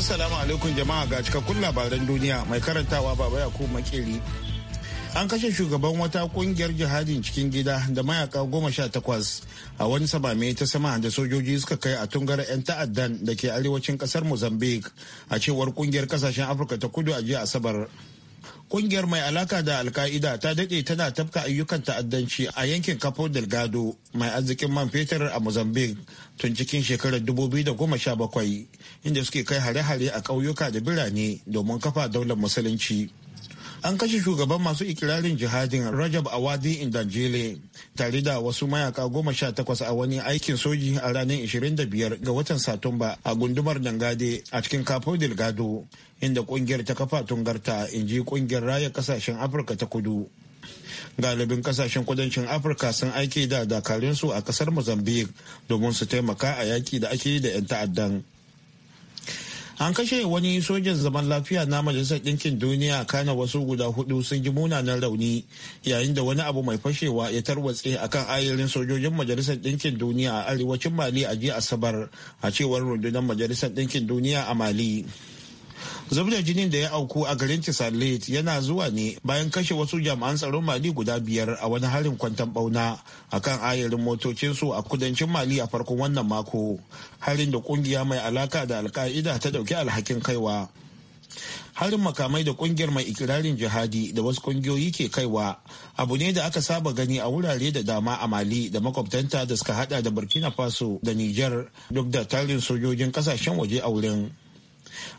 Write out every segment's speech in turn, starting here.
Assalamu alaikum jama'a ga cikakkun labaran duniya mai karantawa baba yakub Makeri. An kashe shugaban wata kungiyar jihadin cikin gida da mayaka goma sha takwas a wani sabame ta sama da sojoji suka kai a tungar 'yan ta'addan da ke arewacin kasar Mozambique a cewar kungiyar kasashen Afirka ta kudu a jiya Asabar. Kungiyar mai alaka da Alka'ida ta dade tana tafka ayyukan ta'addanci a yankin Capo Delgado mai arzikin man fetur a Mozambique tun cikin shekarar 2017 inda suke kai hare-hare a ƙauyuka da birane domin kafa daular musulunci. an kashe shugaban masu ikirarin jihadin rajab awadi indanjile tare da wasu mayaka goma sha takwas a wani aikin soji a ranar 25 ga watan satumba a gundumar dangade a cikin capo delgado inda kungiyar ta kafa tungarta in ji kungiyar raya kasashen afirka ta kudu galibin kasashen kudancin afirka sun aiki da dakarunsu a kasar mozambique domin su taimaka a yaki da ake yi da 'yan ta'addan an kashe wani sojan zaman lafiya na majalisar ɗinkin duniya kana wasu guda hudu sun ji munanan rauni yayin da wani abu mai fashewa ya tarwatse akan ayyarin sojojin majalisar ɗinkin duniya a arewacin mali a jiya asabar a cewar rundunar majalisar ɗinkin duniya a mali zubda jinin da ya auku a garin tisalit yana zuwa ne bayan kashe wasu jami'an tsaron mali guda biyar a wani harin kwantan bauna akan ayarin motocinsu a kudancin mali a farkon wannan mako harin da kungiya mai alaka da alka'ida ta dauki alhakin kaiwa harin makamai da kungiyar mai ikirarin jihadi da wasu kungiyoyi ke kaiwa abu ne da aka saba gani a wurare da dama a mali da makwabtanta da suka hada da burkina faso da niger duk da tarin sojojin kasashen waje a wurin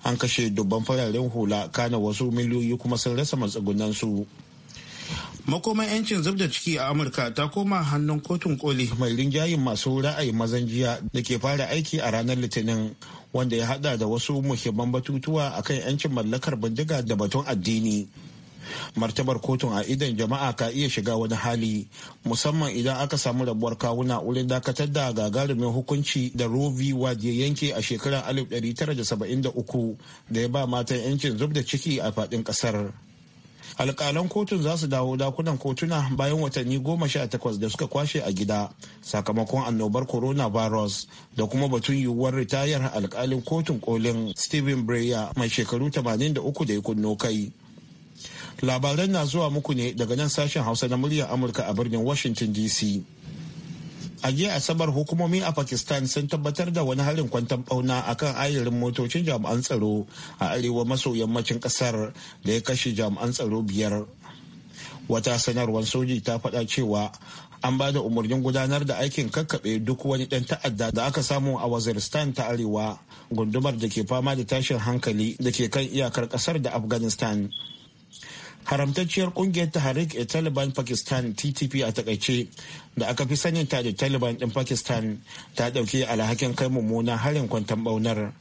an kashe dubban fararen hula kana wasu miliyoyi kuma sun rasa matsugunansu makoman yancin zub da ciki a amurka ta koma hannun kotun koli mai rinjayin masu ra'ayi mazan jiya da ke fara aiki a ranar litinin wanda ya hada da wasu muhimman batutuwa akan yancin mallakar bindiga da batun addini martabar kotun a idan jama'a ka iya shiga wani hali musamman idan aka samu rabuwar kawuna wurin dakatar da gagarumin hukunci da roe v wade ya yanke a shekarar 1973 da ya ba matan yancin zub da ciki a faɗin ƙasar alƙalan kotun za su dawo dakunan kotuna bayan watanni goma sha takwas da suka kwashe a gida sakamakon annobar coronavirus da kuma batun yiwuwar ritayar alƙalin kotun kolin stephen breyer mai shekaru 83 da ya kunno kai labaran na zuwa muku ne daga nan sashen hausa na muryar amurka a birnin washington dc a jiya asabar hukumomi a pakistan sun tabbatar da wani harin kwantan bauna akan ayarin motocin jami'an tsaro a arewa maso yammacin kasar da ya kashe jami'an tsaro biyar wata sanarwar soji ta faɗa cewa an ba da umarnin gudanar da aikin kakkaɓe duk wani ɗan ta'adda da aka samu a waziristan ta arewa gundumar da ke fama da tashin hankali da ke kan iyakar ƙasar da afghanistan haramtacciyar kungiyar tahrik e taliban pakistan ttp a takaice da aka fi sanin ta da taliban din pakistan ta dauke alhakin kai mummunan harin kwantan baunar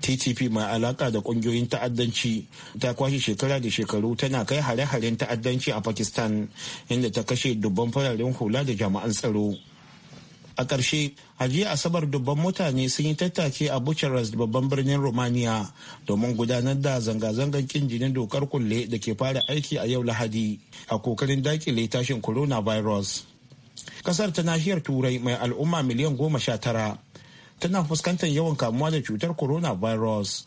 ttp mai alaka da kungiyoyin ta'addanci ta kwashe shekara da shekaru tana kai hare-haren ta'addanci a pakistan inda ta kashe dubban fararen hula da jami'an tsaro a ƙarshe a jiya asabar dubban mutane sun yi tattaki a bucharest babban birnin romania domin gudanar da zanga-zangar kin jinin dokar kulle da ke fara aiki a yau lahadi a kokarin dakile tashin corona virus. kasar ta nahiyar turai mai al'umma miliyan goma sha tara tana fuskantar yawan kamuwa da cutar corona virus.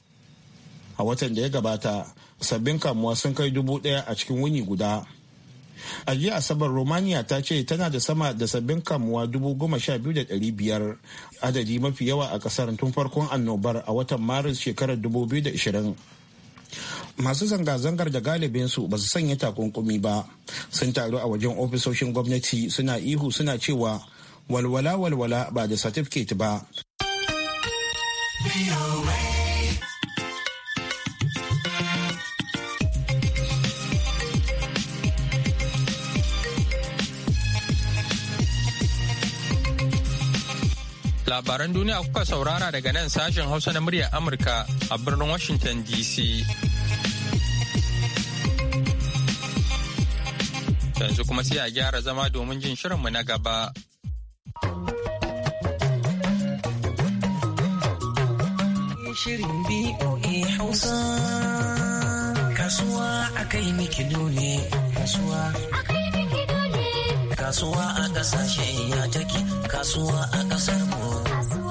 a watan da ya gabata sabbin kamuwa sun kai dubu ɗaya a cikin wuni guda a jiya asabar romania ta ce tana da sama da sabbin kamuwa biyar adadi mafi yawa a kasar tun farkon annobar a watan maris shekarar 2020 masu zanga-zangar da galibinsu ba su sanya takunkumi ba sun taru a wajen ofisoshin gwamnati suna ihu suna cewa walwala walwala ba da satifiket ba Labaran duniya kuka saurara daga nan sashen Hausa na muryar Amurka a birnin Washington DC. Yanzu kuma sai a gyara zama domin jin shirinmu na gaba. Shirin a Hausa Kasuwa akai miki ne Kasuwa akai kasuwa a kasashe mu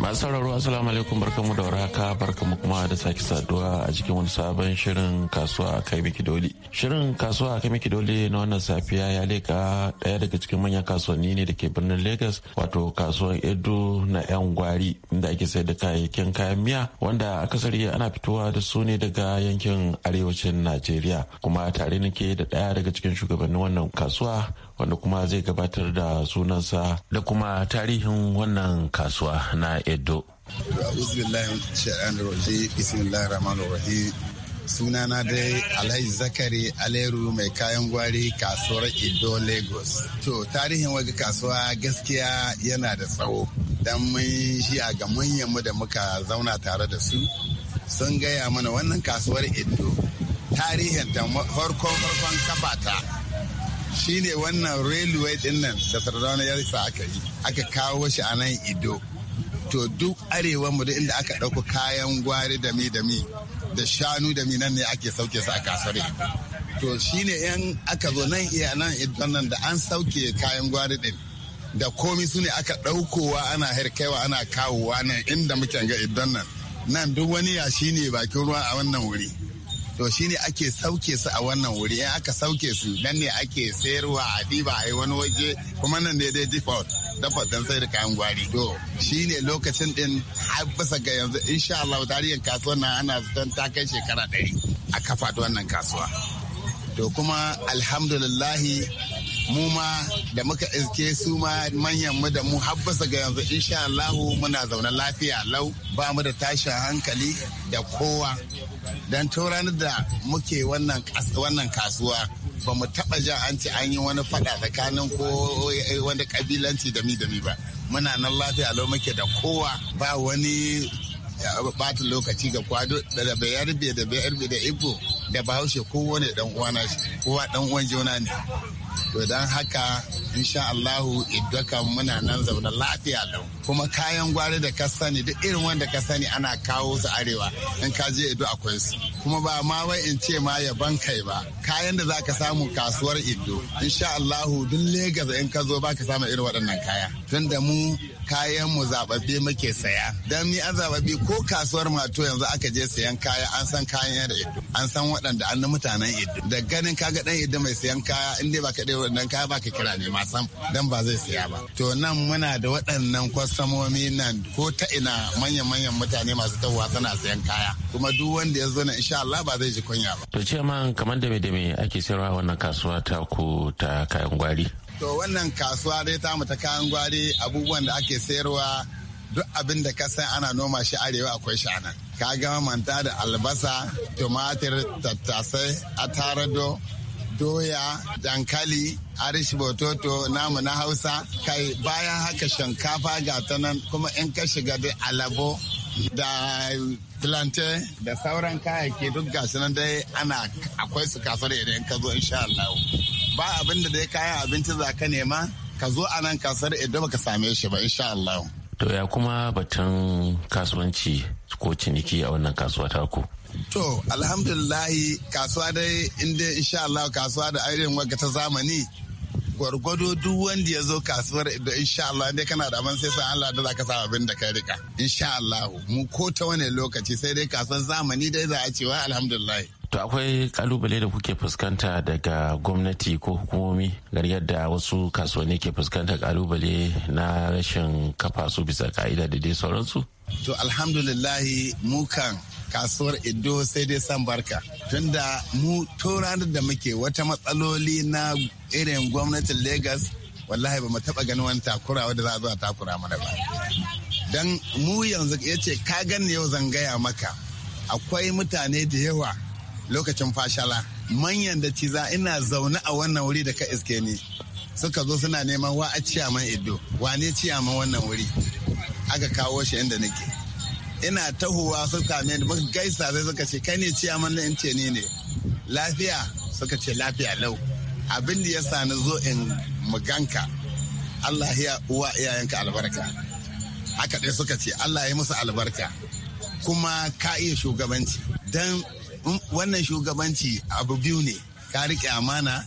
masu sauraro assalamu alaikum barkamu da waraka barkamu kuma da sake saduwa a cikin wani sabon shirin kasuwa a kai miki dole shirin kasuwa a kai miki dole na wannan safiya ya leka daya daga cikin manyan kasuwanni ne da ke birnin lagos wato kasuwar edo na yan gwari inda ake sayar da kayayyakin kayan miya wanda akasari ana fitowa da su ne daga yankin arewacin najeriya kuma tare nake da daya daga cikin shugabannin wannan kasuwa wanda kuma zai gabatar da sunansa da kuma tarihin wannan kasuwa na edo sunana dai alhaji zakari aleru mai kayan gwari kasuwar edo lagos to tarihin waga kasuwa gaskiya yana da tsawo don mun a ga manyanmu da muka zauna tare da su sun gaya mana wannan kasuwar edo tarihin da farkon farkon kafata Shi ne wannan railway din nan da sardauna ya sa aka yi aka kawo shi a nan ido to duk arewa mu da inda aka ɗauko kayan gwari da mi da mi da shanu da mi nan ne ake sauke su a kasar to shi ne yan aka zo nan iya nan idon nan da an sauke kayan gwari din da komi su ne aka ɗaukowa ana harkaiwa ana kawowa nan inda muke ga idon nan nan duk wani ya shi ne bakin ruwa a wannan wuri to shine ake sauke su a wannan wuri in aka sauke su nan ne ake sayarwa a diba a wani waje kuma nan ne dai default dafa don sai da kayan gwari to shine lokacin din har bisa ga yanzu insha Allah tarihin kasuwar nan ana zaton ta kai shekara ɗari a kafa wannan kasuwa to kuma alhamdulillahi mu ma da muka iske su ma manyan mu da mu habbasa ga yanzu insha Allah muna zaune lafiya lau ba mu da tashin hankali da kowa dan ranar da muke wannan kasuwa ba mu taba jan an ce an yi wani fada tsakanin ko eh, wani kabilanci da mi da mi ba muna nan lafiya lau muke da kowa ba wani bata eh, lokaci ga kwado da bayarbe da bayarbe da ibo da bahaushe kowane dan uwana kowa dan uwan juna ne to don haka insha Allahu iddukan muna nan zaune lafiya lau kuma kayan gwari da ka sani duk irin wanda ka sani ana kawo su arewa in ka je ido akwai su kuma ba ma wai in ce ma ya ban kai ba kayan da za ka samu kasuwar ido insha Allahu duk Legas in ka zo ba ka samu irin waɗannan kaya tunda mu kayan mu zababbe muke saya dan ni an zababbe ko kasuwar mato yanzu aka je sayan kaya an san kayan da ido an san waɗanda an mutanen ido da ganin kaga dan ido mai sayan kaya in dai baka dai wannan kaya baka kira ne ma san dan ba zai saya ba to nan muna da waɗannan kwastamomi nan ko ta ina manyan manyan mutane masu tawa suna sayan kaya kuma duk wanda ya zo na insha Allah ba zai ji kunya ba to ce man kamar da me da me ake sayarwa wannan kasuwa ta ku ta kayan gwari To wannan kasuwa dai ta mu ta kayan gwari abubuwan da ake sayarwa duk abin da ka san ana noma shi arewa akwai shi anan. Ka gama manta da albasa, tumatir, tattasai, atarado, doya, dankali, arishi bototo, namu na hausa, kai bayan haka shinkafa ga ta nan kuma in ka shiga dai alabo da plantain da sauran kayayyaki duk gashi nan dai ana akwai su kasar idan ka zo insha Allah. ba abin da dai kayan abinci za ka nema ka zo a nan kasar idan baka same shi ba insha Allah. To ya kuma batun kasuwanci ko ciniki a wannan kasuwa ta ku? To alhamdulillahi kasuwa dai inda insha Allah kasuwa da irin waka ta zamani gwargwado duk wanda ya zo kasuwar da insha Allah inda kana da man sai sa Allah da zaka sa abin da ka rika insha Allah mu ko ta wani lokaci sai dai kasuwar zamani dai za a cewa alhamdulillah To akwai kalubale da kuke fuskanta daga gwamnati ko hukumomi gari yadda wasu kasuwanni ke fuskanta kalubale na rashin kafa su bisa ka'ida da dai sauransu? To alhamdulillahi mukan kasuwar Edo sai dai san barka. Tunda mu to da muke wata matsaloli na irin gwamnatin Legas wallahi ba mu taɓa ganin wani takura wadda za a zo takura mana ba. Dan mu yanzu ya ce ka gani yau zan gaya maka akwai mutane da yawa lokacin fashala manyan da ciza ina zaune a wannan wuri da ka iske ni suka zo suna neman wa a ciyaman iddo wane ciyaman wannan wuri aka kawo shi inda nake ina tahowa suka me muka gaisa sai suka ce kai ne ciyaman na ce ni ne lafiya suka ce lafiya lau abin da ya sani zo in muganka Allah ya uwa iyayenka albarka haka dai suka ce Allah ya musu albarka kuma ka iya shugabanci dan wannan shugabanci abu biyu ne ka rike amana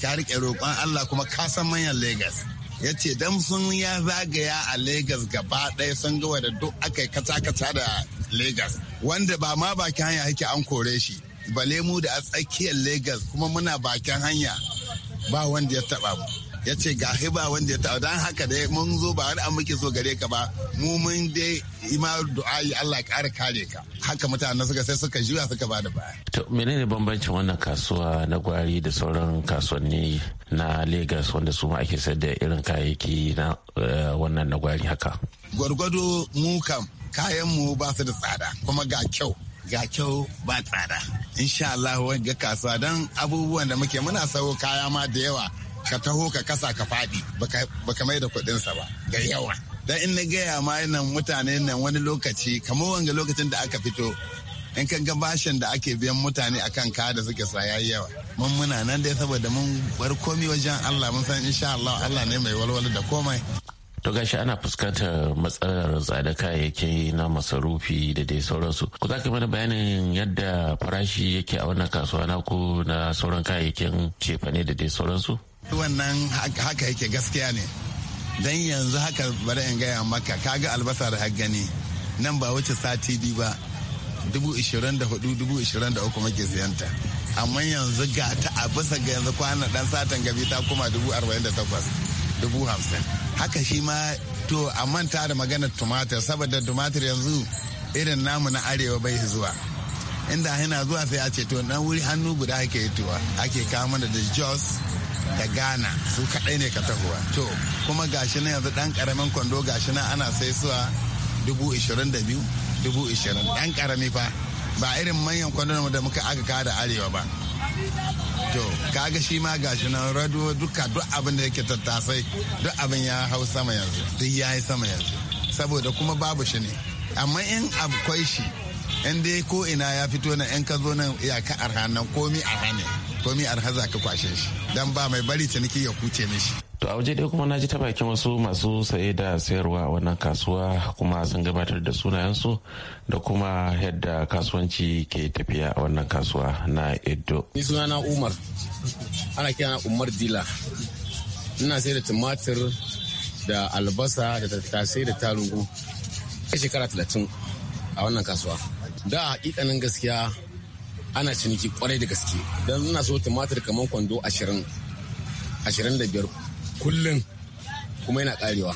ka riƙe roƙon allah kuma ka san manyan lagos ya ce don sun ya zagaya a lagos gaba ɗaya sun ga da duk aka yi kata-kata da lagos wanda ba ma bakin hanya hake an kore shi bale mu da a tsakiyar lagos kuma muna bakin hanya ba wanda ya taɓa mu ya ce ga hiba wanda ya taɓa don haka dai mun zo ba wani an muke so gare ka ba mu mun dai ima du'ayi Allah ƙara kare ka haka mutane suka sai suka juya suka ba da baya. To menene bambancin wannan kasuwa na gwari da sauran kasuwanni na Lagos wanda su ma ake sayar da irin kayayyaki na eh, wannan na gwari haka? Gwargwado mu kam kayan mu ba su da tsada kuma ga kyau ga kyau ba tsada insha Allah ga kasuwa don abubuwan da muke muna sayo kaya ma da yawa ka taho ka kasa ka faɗi baka mai da kuɗinsa ba da yawa dan in na gaya ma nan mutane nan wani lokaci kamar wanga lokacin da aka fito in kan ga bashin da ake biyan mutane akan ka da suke saya yawa mun muna nan dai saboda mun bar komi wajen Allah mun san insha Allah Allah ne mai walwala da komai to gashi ana fuskantar matsalar tsada kayayyaki na masarufi da dai sauransu ku za ka mana bayanin yadda farashi yake a wannan kasuwa na ku na sauran kayayyakin cefane da dai sauransu wannan haka yake gaskiya ne don yanzu haka bari in gaya maka kaga albasa da gani nan ba wuce sati biyu ba dubu ishirin da hudu dubu ishirin da uku muke siyanta amma yanzu ga ta a bisa ga yanzu kwana dan satan gabi ta kuma dubu arba'in da takwas dubu hamsin haka shi ma to a manta da magana tumatir saboda tumatir yanzu irin namu na arewa bai zuwa inda hina zuwa sai a ce to na wuri hannu guda ake tuwa ake kama da jos da ghana su kaɗai ne ka tahowa to kuma gashi na yanzu ɗan ƙaramin kwando gashi na ana sai suwa dubu ishirin da biyu dubu ishirin ɗan ƙarami fa ba irin manyan kwandon da muka aka da arewa ba to kaga shi ma gashi na rado duka duk abin da yake tattasai duk abin ya hau sama yanzu duk ya yi sama yanzu saboda kuma babu shi ne amma in akwai shi in dai ko ina ya fito na in ka zo nan iyaka arha nan komi arha ne komi arhaza ka kwashe shi dan ba mai bari ta niki ya kuce mishi to a waje dai kuma na ji ta bakin wasu masu saye da sayarwa a wannan kasuwa kuma sun gabatar da sunayensu da kuma yadda kasuwanci ke tafiya a wannan kasuwa na edo ni sunana umar ana kira umar dila ina sayar da tumatir da albasa da tattasai da tarugu shekara talatin a wannan kasuwa da hakikanin gaskiya ana ciniki kwarai da gaske don ina so tumatir kamar kwando ashirin ashirin da biyar kullum kuma yana karewa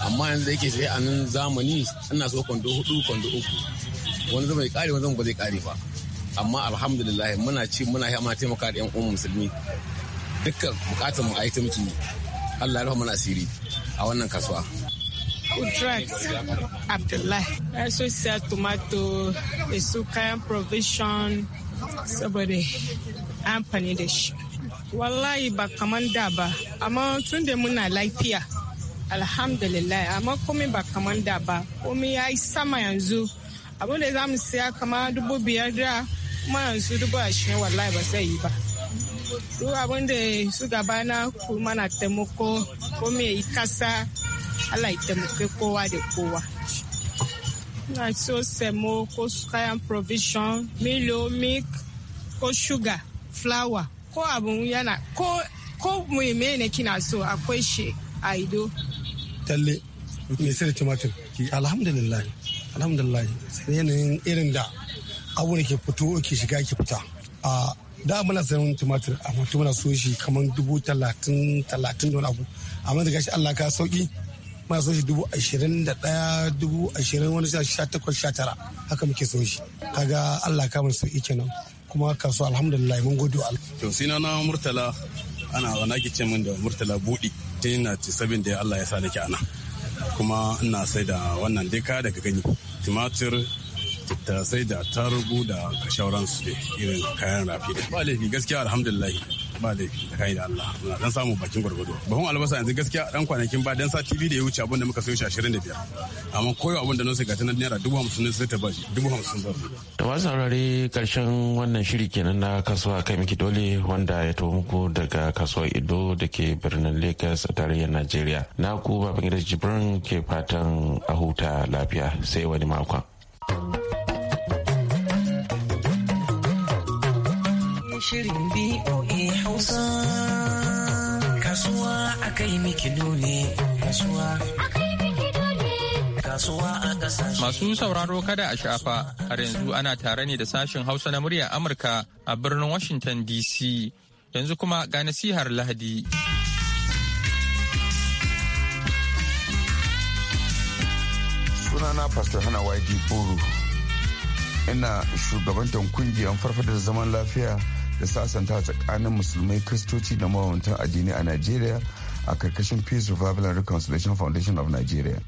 amma yanzu da yake sai a nan zamani ina so kwando hudu kwando uku wani zama ya kare wani zama ba zai kare ba amma alhamdulillah muna ci muna yi amma taimaka da yan uwan musulmi dukkan bukatar mu a yi ta Allah ya rufa mana asiri a wannan kasuwa Kudrat Abdullahi. Ya so sell tomato a su provision somebody, and panidish. shi. Wallahi ba kaman da ba, amma tun da muna lafiya. Alhamdulillah, amma komai ba kaman da ba, komai ya yi sama yanzu. Abin da za mu siya kama dubu biyar da kuma yanzu dubu ashirin wallahi ba zai yi ba. Duk abin da su gabana kuma na taimako, komai ya yi kasa Allah ya taimake kowa da kowa. Ina so semo ko kayan provision, milo, milk, ko sugar, flour, ko abun yana ko ko muhimmene kina so akwai shi a ido. Talle, me sai da tumatir? Alhamdulillah, alhamdulillah, yanayin irin da abun da ke fito ke shiga ke fita. A da muna sayan tumatir amma muna so shi kamar dubu talatin talatin don abu amma da gashi Allah ka sauki muna so shi dubu ashirin da ɗaya dubu ashirin wani sha takwas sha tara haka muke so shi kaga allah kamar ike nan kuma kasuwa alhamdulillah mun gudu wa to sina na murtala ana wana ce min da murtala buɗi tun na ci sabin da allah ya sa nake ana kuma ina sai da wannan dai kaya daga gani tumatir tattasai da tarugu da kashauransu irin kayan rafi ba laifi gaskiya alhamdulillah ba laifi da kai da Allah muna dan samu bakin gwargwado bahun albasa yanzu gaskiya dan kwanakin ba dan sa TV da ya wuce abin da muka sayo shi 25 amma koyo abin da nan sai ga tanan naira dubu ne sai ta bashi dubu hamsin ba da wasu saurare karshen wannan shiri kenan na kasuwa kai miki dole wanda ya to muku daga kasuwar Ido da ke birnin Lagos a tarayyar Najeriya na ku Babangida Jibrin ke fatan a huta lafiya sai wani makon. shirin. Masu sauraro kada a shafa, har yanzu ana tare ne da sashen Hausa na murya Amurka a birnin Washington DC. Yanzu kuma ga nasihar Lahadi. Sunana Pastor Hana Wadi Buru. Ina shugabantar kungiyar farfadar zaman lafiya da sasanta tsakanin musulmai kristoci da mawantan addini a Najeriya a karkashin peace revival and reconciliation foundation of nigeria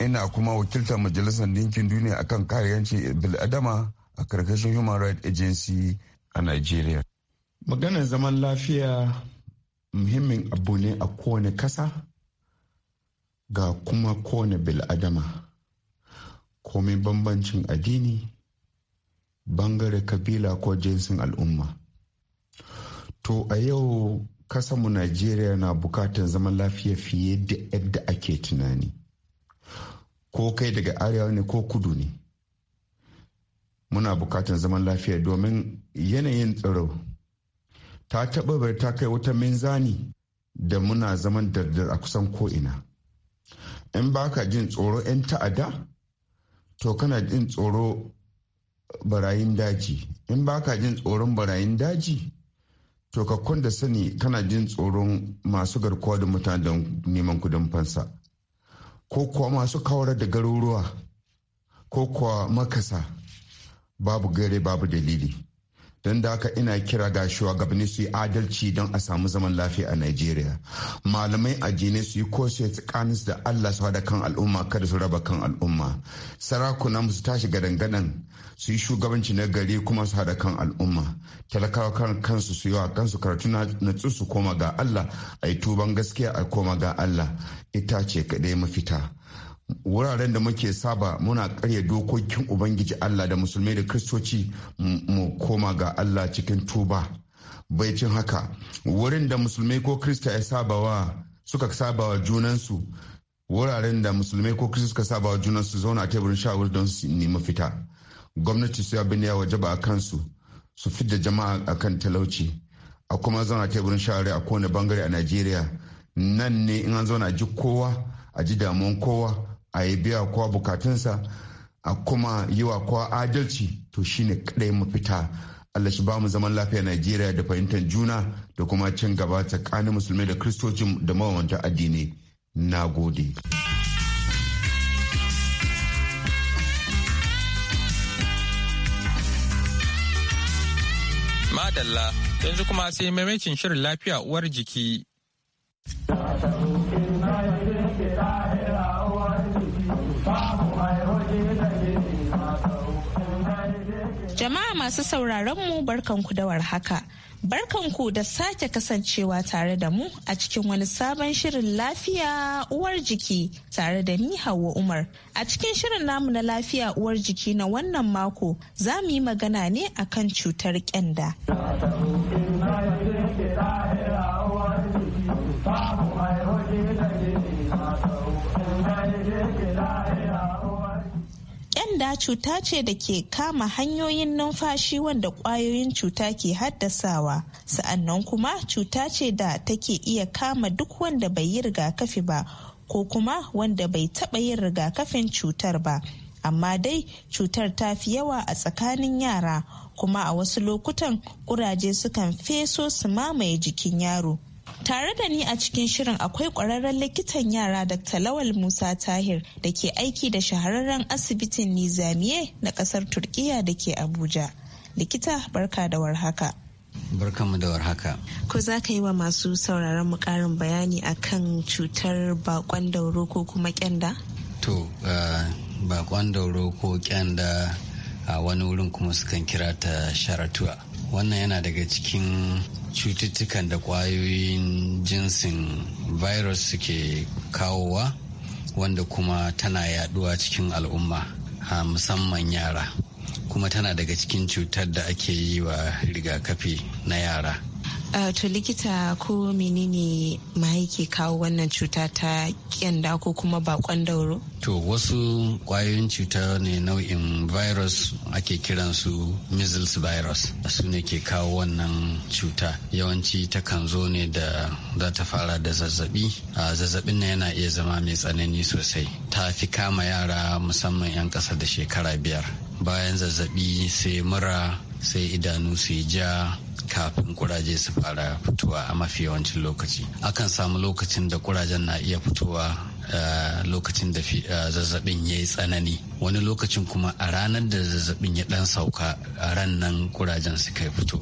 ina kuma wakiltar majalisar dinkin duniya akan kare yancin bil'adama a karkashin human rights agency a nigeria maganar zaman lafiya muhimmin abu ne a kowane kasa ga kuma kowane bil'adama komai bambancin addini bangare kabila ko jinsin al'umma to a yau kasanmu najeriya na bukatan zaman lafiya fiye da yadda ake tunani ko kai daga arewa ne ko kudu ne muna bukatan zaman lafiya domin yanayin tsaro ta taɓa bai ta kai wata minzani da muna zaman dardar a kusan ko'ina in baka jin tsoro 'yan ta'ada to kana jin tsoro barayin daji in baka jin tsoron barayin daji cokakkun da sani kana jin tsoron masu garkuwa da mutane don neman kudin fansa ko kuwa masu kawarar da garuruwa ko kuwa makasa babu gare babu dalili don da haka ina kira ga shugabanni su yi adalci don a samu zaman lafiya a nigeria Malamai a addinai su yi kose tsakanin da Allah su hada kan al'umma kada su raba kan al'umma. Sarakuna su tashi gadangadan su yi shugabanci na gari kuma su hada kan al'umma. Talakawa kan kansu su yi wa kansu karatu na su koma ga Allah a yi tuban gaskiya a koma ga Allah ita ce kaɗai mafita. wuraren da muke saba muna karya dokokin ubangiji allah da musulmai da kristoci mu koma ga allah cikin tuba bai cin haka wurin da musulmai ko krista ya saba wa suka saba junansu wuraren da musulmai ko krista suka saba junansu zauna a teburin shawar don su nemi fita gwamnati su abin da ya ba a kansu su da jama'a akan talauci a kuma zauna teburin shawar a kowane bangare a najeriya nan ne in an zauna a ji kowa a ji damuwan kowa a yi biya kowa bukatunsa a kuma yi wa kowa adalci to shine kadai mafita Allah shi ba mu zaman lafiya Najeriya da fahimtar juna da kuma cin gaba tsakanin musulmi da kristocin da mawanta addini na gode. Madalla yanzu kuma sai maimakin shirin lafiya uwar jiki. Jama'a masu sauraron mu barkanku da warhaka. Barkanku da sake kasancewa tare da mu a cikin wani sabon shirin lafiya uwar jiki tare da ni Hauwa Umar. A cikin shirin namu na lafiya uwar jiki na wannan mako za mu yi magana ne akan cutar kyanda. wanda cuta ce da ke kama hanyoyin numfashi wanda kwayoyin cuta ke haddasawa sa'annan kuma cuta ce da take iya kama duk wanda bai yi rigakafi ba ko kuma wanda bai taɓa yin rigakafin cutar ba amma dai cutar ta fi yawa a tsakanin yara kuma a wasu lokutan kuraje sukan feso su mamaye jikin yaro Tare da ni a cikin shirin akwai ƙwararren likitan yara Dr. Lawal Musa Tahir da ke aiki da shahararren asibitin Nizamiye na ƙasar turkiyya da ke Abuja. Likita barka da warhaka. Barkanmu da warhaka. Ko za ka yi wa masu sauraron mu ƙarin bayani akan cutar bakon dauro ko kuma kyanda? To, uh, eh, bakon dauro ko kyanda a uh, wani wurin kuma sukan kira ta sharatuwa. Wannan yana daga cikin cututtukan da kwayoyin jinsin virus suke kawowa wanda kuma tana yaduwa cikin al'umma a musamman yara kuma tana daga cikin cutar da ake yi wa rigakafi na yara Uh, to likita ko menene ma yake kawo wannan cuta ta kyanda ko kuma bakon dauro? To wasu kwayoyin cuta ne nau'in virus ake kiransu measles virus su ne ke kawo wannan cuta yawanci takan zo ne da za ta fara da zazzabi uh, zazzabin na yana iya zama mai tsanani sosai ta fi kama yara musamman 'yan ƙasa da shekara biyar bayan zazzabi sai mura sai idanu su yi ja kafin kuraje su fara fitowa a mafi yawancin lokaci akan samu lokacin da kurajen na iya fitowa eh, lokacin da eh, zazzabin ya yi tsanani wani lokacin kuma a ranar da zazzabin ya dan sauka a ran nan kurajen suka fito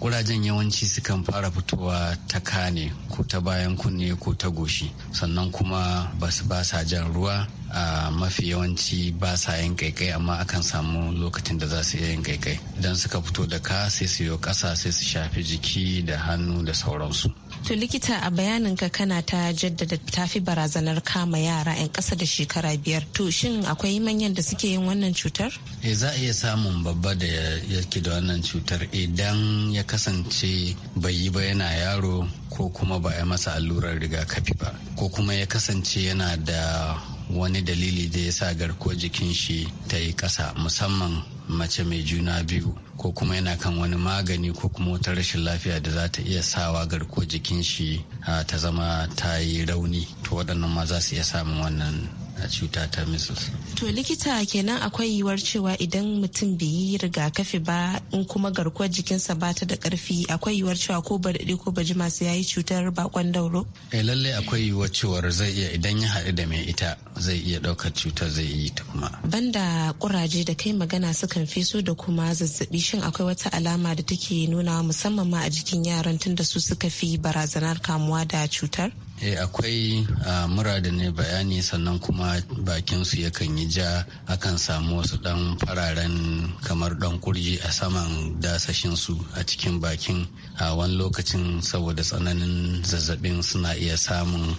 kurajen yawanci sukan fara fitowa ta kane ko ta bayan kunne ko ta goshi sannan kuma ba su ba sa jan ruwa a mafi yawanci ba sa yin kaikai amma akan samu lokacin da za su iya yin kaikai idan suka fito da ka sai su yi kasa sai su shafi jiki da hannu da sauransu to likita a bayaninka kana ta jaddada tafi barazanar kama yara 'yan ƙasa da shekara biyar to shin akwai manyan da suke yin wannan cutar e za a iya samun babba da yake da wannan cutar idan ya kasance bai yi ba yana yaro ko kuma ba a masa allurar rigakafi ba ko kuma ya kasance yana da wani dalili da ya sa garkuwar jikin shi ta yi ƙasa musamman mace mai juna biyu ko kuma yana kan wani magani ko kuma wata rashin lafiya da za ta iya sawa garkuwar jikin shi ah, ta zama ta yi rauni to waɗannan ma za su iya samun wannan cuta ta measles. To likita kenan akwai yiwuwar cewa idan mutum bai yi rigakafi ba in kuma garkuwar jikinsa ba ta da karfi akwai yiwuwar cewa ko ba daɗe ko ba masu yayi cutar bakon dauro. Eh lalle akwai yiwuwar cewar zai iya idan ya haɗu da mai ita zai iya ɗaukar cutar zai yi ta kuma. Banda kuraje da kai magana sukan fi so da kuma zazzabi shin akwai wata alama da take nunawa musamman ma a jikin yaran tunda su suka fi barazanar kamuwa da cutar? eh akwai mura da ne bayani sannan kuma bakin su yakan yi ja akan samu wasu dan fararen kamar dan kurji a saman dasashin su a cikin bakin a wani lokacin saboda tsananin zazzabin suna iya samun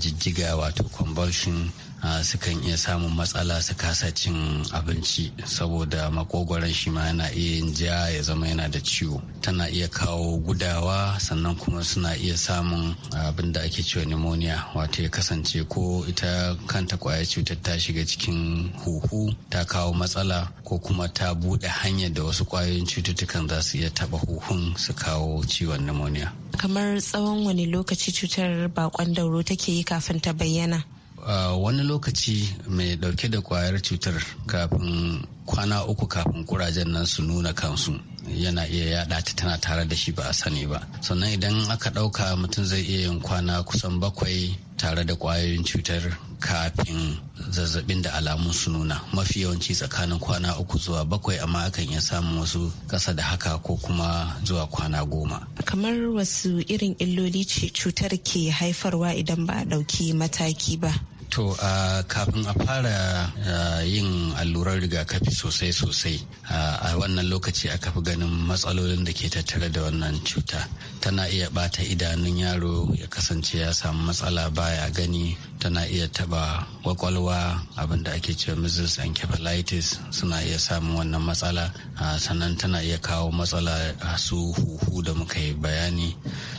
jijjiga wato convulsion sukan iya samun matsala su kasa cin abinci saboda makogwaron shi ma yana iya yin ja ya zama yana da ciwo tana iya kawo gudawa sannan kuma suna iya samun abin da ake cewa pneumonia wato ya kasance ko ita kanta kwayar cutar ta shiga cikin huhu ta kawo matsala ko kuma ta buɗe hanyar da wasu kwayoyin cututtukan za su iya taɓa huhun su kawo ciwon pneumonia kamar tsawon wani lokaci cutar bakon dauro take yi kafin ta bayyana Ah, wani lokaci mai dauke da kwayar cutar kafin kwana uku kafin kurajen nan su nuna kansu yana iya yada ta tana tare da shi ba a sani ba sannan idan aka dauka mutum zai iya yin kwana kusan bakwai tare da kwayoyin cutar kafin zazzabin da alamun su nuna mafi yawanci tsakanin kwana uku zuwa bakwai amma akan iya samun wasu ƙasa da haka ko kuma zuwa kwana goma kamar wasu irin illoli ce cutar ke haifarwa idan ba a ɗauki mataki ba To uh, kafin a fara uh, yin allurar rigakafi sosai-sosai uh, a wannan lokaci aka fi ganin matsalolin da ke tattare da wannan cuta. Tana iya bata idanun yaro ya kasance ya samu matsala baya gani tana iya taba kwakwalwa abinda ake ce measles encephalitis suna iya samun wannan matsala sannan tana iya kawo matsala a su huhu da muka yi bayani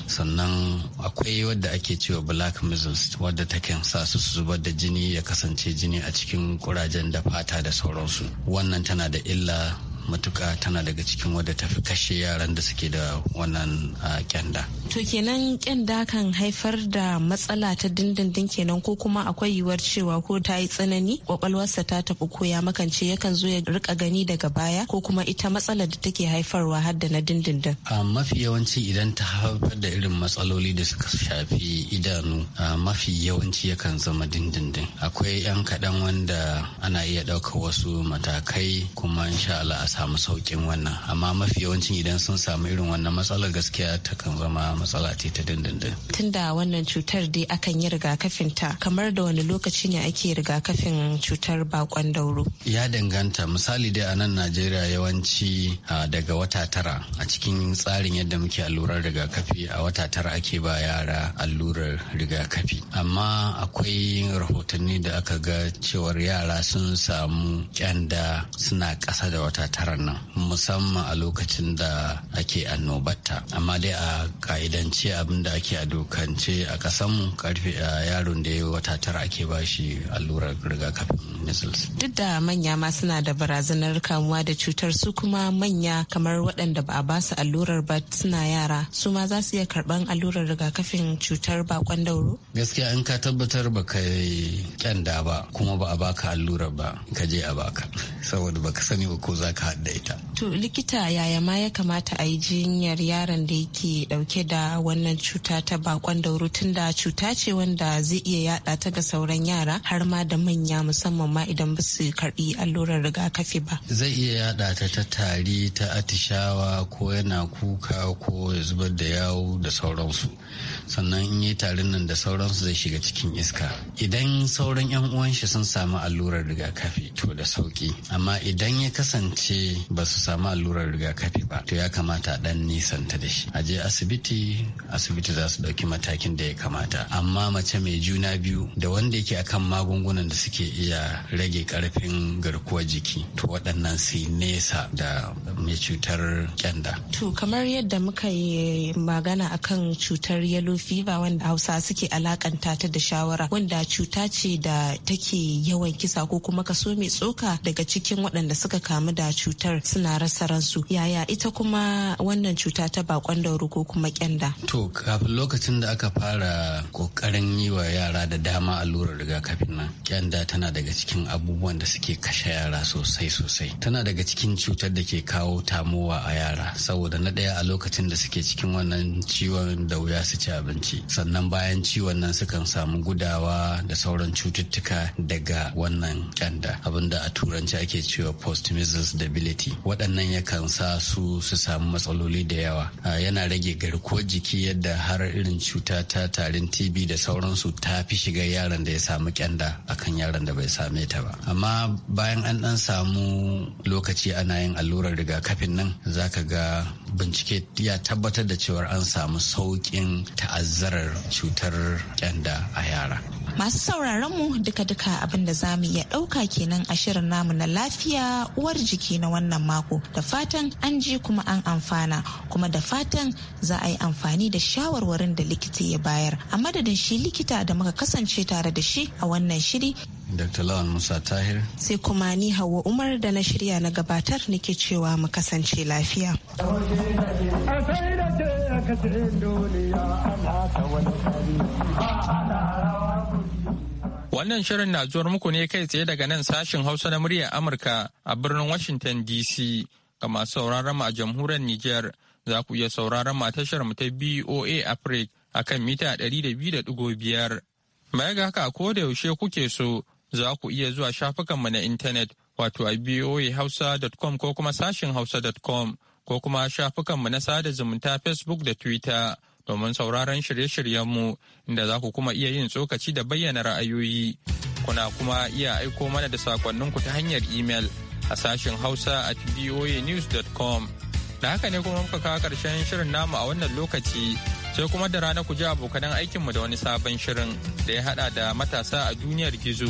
sannan akwai wadda ake cewa black measles wadda takan sa su su zubar da jini ya kasance jini a cikin kurajen da fata da sauransu wannan tana da illa matuka tana daga cikin wadda ta fi kashe yaran da suke da wannan ah, kyanda. To kenan kyanda kan haifar da matsala ta dindindin kenan ko kuma akwai yiwuwar cewa ko ta yi tsanani kwakwalwarsa ta tafi ko ya makance yakan zo ya rika gani daga baya ko kuma ita matsala da take haifarwa har da na dindindin. A mafi yawanci idan ta haifar da irin matsaloli da suka shafi idanu a mafi yawanci yakan zama dindindin. Akwai 'yan kaɗan wanda ana iya ɗaukar wasu matakai kuma insha Allah a samu saukin wannan amma mafi yawancin idan sun samu irin wannan matsalar gaskiya ta kan zama matsala ce ta dindindin tunda wannan cutar dai akan yi rigakafin ta kamar da wani lokaci ne ake rigakafin cutar bakon dauro ya danganta misali dai a nan najeriya yawanci daga wata tara a cikin tsarin yadda muke allurar rigakafi a wata tara ake ba yara allurar rigakafi amma akwai rahotanni da aka ga cewar yara sun samu kyanda suna ƙasa da wata shekarar nan musamman a lokacin da ake annobata amma dai a ka'idance abin da ake a dokance a kasanmu karfe a yaron da ya wata tara ake bashi allurar rigakafin measles duk da manya ma suna da barazanar kamuwa da cutar su kuma manya kamar waɗanda ba a ba su allurar ba suna yara su ma za su iya karɓan allurar rigakafin cutar bakon dauro gaskiya in ka tabbatar ba ka kyanda ba kuma ba a baka allurar ba ka je a baka saboda baka sani ba ko za ka ita. To likita yaya ma ya kamata a yi jinyar yaron da yake dauke da wannan cuta ta bakon dauro tun da cuta ce wanda zai iya yaɗa ta ga sauran yara har ma da manya musamman ma idan ba su karbi allurar rigakafi ba. Zai iya yaɗa ta ta tari ta atishawa ko yana kuka ko ya zubar da yawo da sauransu. sannan in yi tarin nan da sauransu zai shiga cikin iska idan sauran yan uwan shi sun samu allurar rigakafi to da sauki amma idan ya kasance ba su samu allurar rigakafi ba to ya kamata dan nisanta da shi a je asibiti asibiti za su dauki matakin da ya kamata amma mace mai juna biyu da wanda yake akan magungunan da suke iya rage karfin garkuwar jiki to waɗannan su nesa da mai cutar kyanda to kamar yadda muka yi magana akan cutar yellow fever wanda hausa suke alakanta ta da shawara wanda cuta ce da take yawan kisa ko kuma kaso mai tsoka daga cikin waɗanda suka kamu da cutar suna rasa ransu yaya ita kuma wannan cuta ta bakon dauro ko kuma kyanda to kafin lokacin da aka fara kokarin yi wa yara da dama allurar rigakafin nan kyanda tana daga cikin abubuwan da suke kashe yara sosai sosai tana daga cikin cutar da ke kawo tamowa a yara saboda na ɗaya a lokacin da suke cikin wannan ciwon da wuya su ci abinci sannan bayan ciwon nan sukan samu gudawa da sauran cututtuka daga wannan kyanda abinda a turanci ake cewa post measles debility waɗannan yakan sa su su samu matsaloli da yawa yana rage garkuwar jiki yadda har irin cuta ta tarin tb da sauransu ta fi shiga yaron da ya samu kyanda akan yaron da bai same ta ba amma bayan an dan samu lokaci ana yin allurar rigakafin nan zaka ga bincike ya tabbatar da cewar an samu sauƙin ta'ad ta'azzarar cutar kyanda a yara. Masu sauraron mu duka-duka abin da za mu iya ɗauka kenan a shirin namu na lafiya uwar jiki na wannan mako da fatan an ji kuma an amfana kuma da fatan za a yi amfani da shawarwarin da likita ya bayar a madadin shi likita da muka kasance tare da shi a wannan shiri Dr. Lawan Musa Tahir. Sai kuma ni Hauwa Umar da na shirya na gabatar nake cewa mu kasance lafiya. Wannan shirin na zuwar muku ne kai tsaye daga nan sashin Hausa na muryar Amurka a birnin Washington DC ga masu sauraron mu a jamhuriyar Nijar za ku iya sauraron mu a tashar mu ta BOA Africa a kan mita 200.5. Baya ga haka ko da yaushe kuke so za ku iya zuwa shafukanmu na intanet wato a boahausa.com ko kuma sashin hausa.com ko kuma shafukanmu na sada zumunta Facebook da Twitter domin sauraron shirye-shiryenmu inda za ku kuma iya yin tsokaci da bayyana ra'ayoyi. Kuna kuma iya aiko mana da sakonninku ta hanyar imel a sashen Hausa at voanews.com. Da haka ne kuma muka karshen shirin namu a wannan lokaci sai kuma da rana ku ji abokanan aikinmu da wani sabon shirin da ya hada da matasa a duniyar gizo.